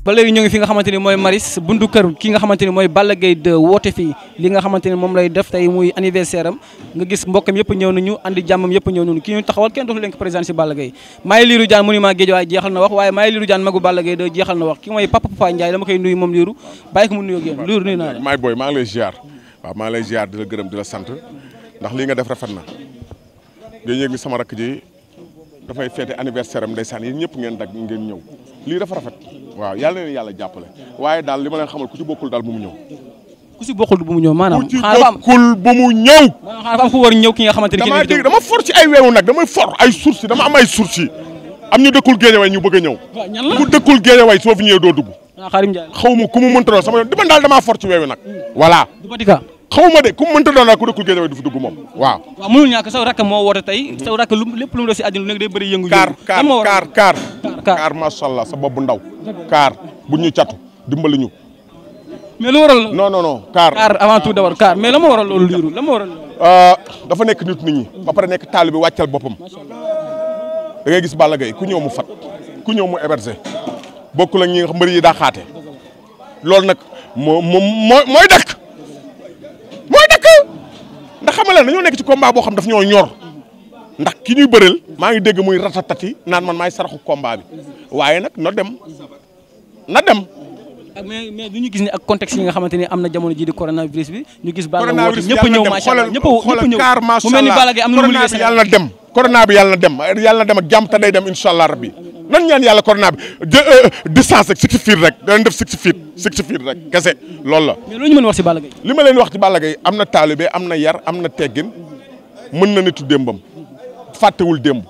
ba léegi ñu ngi fi nga xamante ni Maris buntu kër ki nga xamante ni mooy Balla Gaye 2 woote fii li nga xamante ni lay def tey muy anniversaire am nga gis mbokkam yëpp ñëw nañu andi jàmmam yëpp ñëw nañu ki ñu taxawal kenn dootu leen ko présenté si Balla Gaye maay liiru jaan monument géej waaye jeexal na wax waaye maay liiru jaan magu Balla Gaye 2 jeexal na wax ki mooy papa papa Ndiaye dama koy nuyu moom liiru bàyyi ko mu nuyu ak yéen liiru nuyu naa la maay booy maa ngi lay ziar waaw maa ngi lay ziar di la gërëm di ndax lii nga def rafet na nga yëg ni sama rakk ji dafay fêté anniversaire am ndeysaan yéen ñëpp ngeen dag ngeen ñëw li dafa rafet waaw yalla na leen yàlla jàppale waaye daal li leen xamal ku ci bokul dal bu mu ñew ku ci bokul bu mu ñëw maanaam. ku ci bokkul bu mu ñew manam xaaral am ku war ñew ki nga xamanteni ni. damaa dama for ci ay weewu nak dama for ay source dama am ay source am ñu dekkul geene way ñu bëgg a ñëw. ku dëkkul Guédiawaye soo fi ñëwee doo dugg. Ah, jaay xawmu ku mu mënta do sama dama dal dama for ci weewu nak wala hmm. xaw ma de ku mu mënta do nag ku dekkul geene way du fi dugg mom waaw. waaw mënul ñak saw rak mo woote tay saw rak lepp lu mu do ci àddina lu nekk day bëri yëngu. kar kar kar kaar macha allah sa bopp bu ndaw. kaar bu ñu catu dimbali ñu. mais lu waral la non non non kaar. avant tout d'abord kaar mais la ma waral loolu liiru la ma waral. Euh, dafa nekk nit nit ñi. ba pare nekk taalibe wàccal boppam. da ngay gis Balla ku ñëw mu fat ku ñëw mu héberger bokkul ak ñi nga mbër daa xaate loolu nag moo moom moo mooy dëkk mooy dëkk ndax xam nga dañoo nekk ci combat boo xam daf ñoo ñor. ndax ki ñuy bëril maa ngi dégg muy ratatati naan man maay saraxu combat bi waaye nag na dem na dem. mais mais du ñu gis ne ak contexte yi nga xamante ni am na jamono jii di coronavirus bi ñu gis. Balla woote ñëpp ñëw macha allah ñëpp ñëw car macha allah mu mel ni Balla Gaye am na dem. corona bi na dem yàlla na dem ak jàmm te day dem incha allah rabbi nan ñaan yàlla corona bi euh, euh, distance six feet rek danañ def six feet six feet rek kese loolu la. mais loolu ñu mën wax ci Balla Gaye. li ma leen wax ci Balla am na taalibe am na yar am na teggin mën na nitu démbam fàttewul démb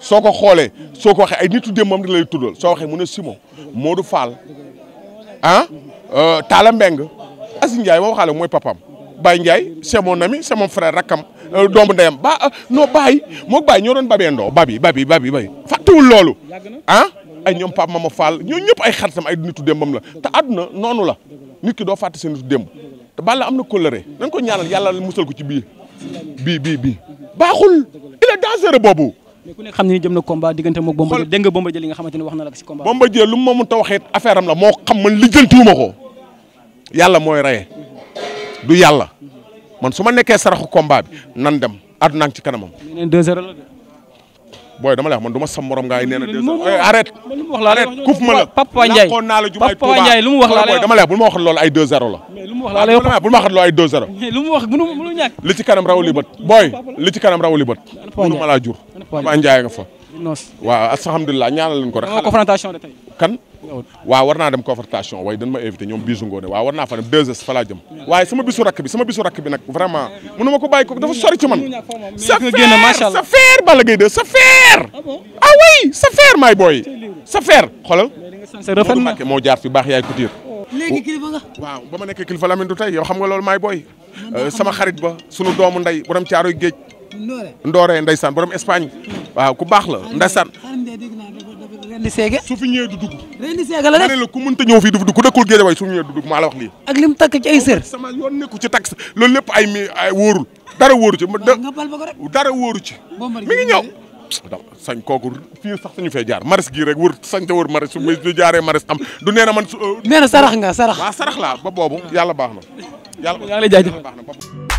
soo ko xoolee soo ko waxee ay nitu démb moom da lay tuddal soo waxee mu ne Simon Modou Fall ah euh, Talla Mbeng Aziz moo waxaale mooy papam bay Ndiaye c'est mon ami c'est mon frère rakkam euh, doomu ndeyam ba euh, non Baye moog Baye ñoo doon babeendoo babi babi babi babi fàttewul loolu ah ay ñoom Pape Mama Fall ñoo ñëpp ay xaritam ay nitu démbam la te àdduna noonu la nit ki doo fàtte seen nitu démb te Balla am na kóllëre nañ ko ñaanal yàlla musal ko ci bii dangereux boobu. mais ku xam ne ni jëm na combat diggante moog Bombardier dégg nga Bombardier li nga xamante ne wax na la ko si combat. Bombardier lu ma mënta waxee affaire am la moo xam man lijjantiwuma ko yàlla mooy rey du yàlla man su ma nekkee saraxu combat bi nan dem àdduna ci kanamam. booy dama lay wax man sam morom ngaay nee na deux ans eh, arrête kuf ma la Papa Ndiaye làqoon wax la booy dama lay wax bul ma wax loolu ay deux zéro la mais lu wax ah, la lay bul ma wax loolu ay deux zéro mais wax mënu mënu ñàkk li kanam raw li bët booy li ci kanam raw li bët mënu ma laa jur Papa Ndiaye fa waaw alhamdulilah ñaanal leen ko rek confrontation de tey waaw war naa dem confrontation waaye dañ ma invité ñoom bisu ngoone waaw war naa fa dem deux heures fa waaye sama bisu rakk bi sama bisu rakk bi nag vraiment mënu ma ko bàyyi ko dafa sori ci man sa feer sa feer Balla Gaye sa feer ah, ah oui sa feer maay booy moo jaar si baax yaay Couture waaw ba ma nekkee kilifa mi du tey yow xam nga loolu maay booy euh, sama xarit ba sunu doomu ndey borom caaroy géej ndooree ndeysaan borom Espagne hmm. waaw ku baax la ndeysaan reeni seege su fi ñëwee reeni seege la def ne la ku mënta ñëw fii du dugg ku dëkkul géej way su fi ñëwee du dugg maa la wax lii ak lim takk ci ay sër sama ay mi dara wóoru ci dara wóoru sañ kooku fii sax suñu fee jaar maris gii rek wër sañ sa wër maris su ma jaaree maris am du nee na man euh, nee na sarax nga sarax la sarax laa ba boobu yàlla baax baax na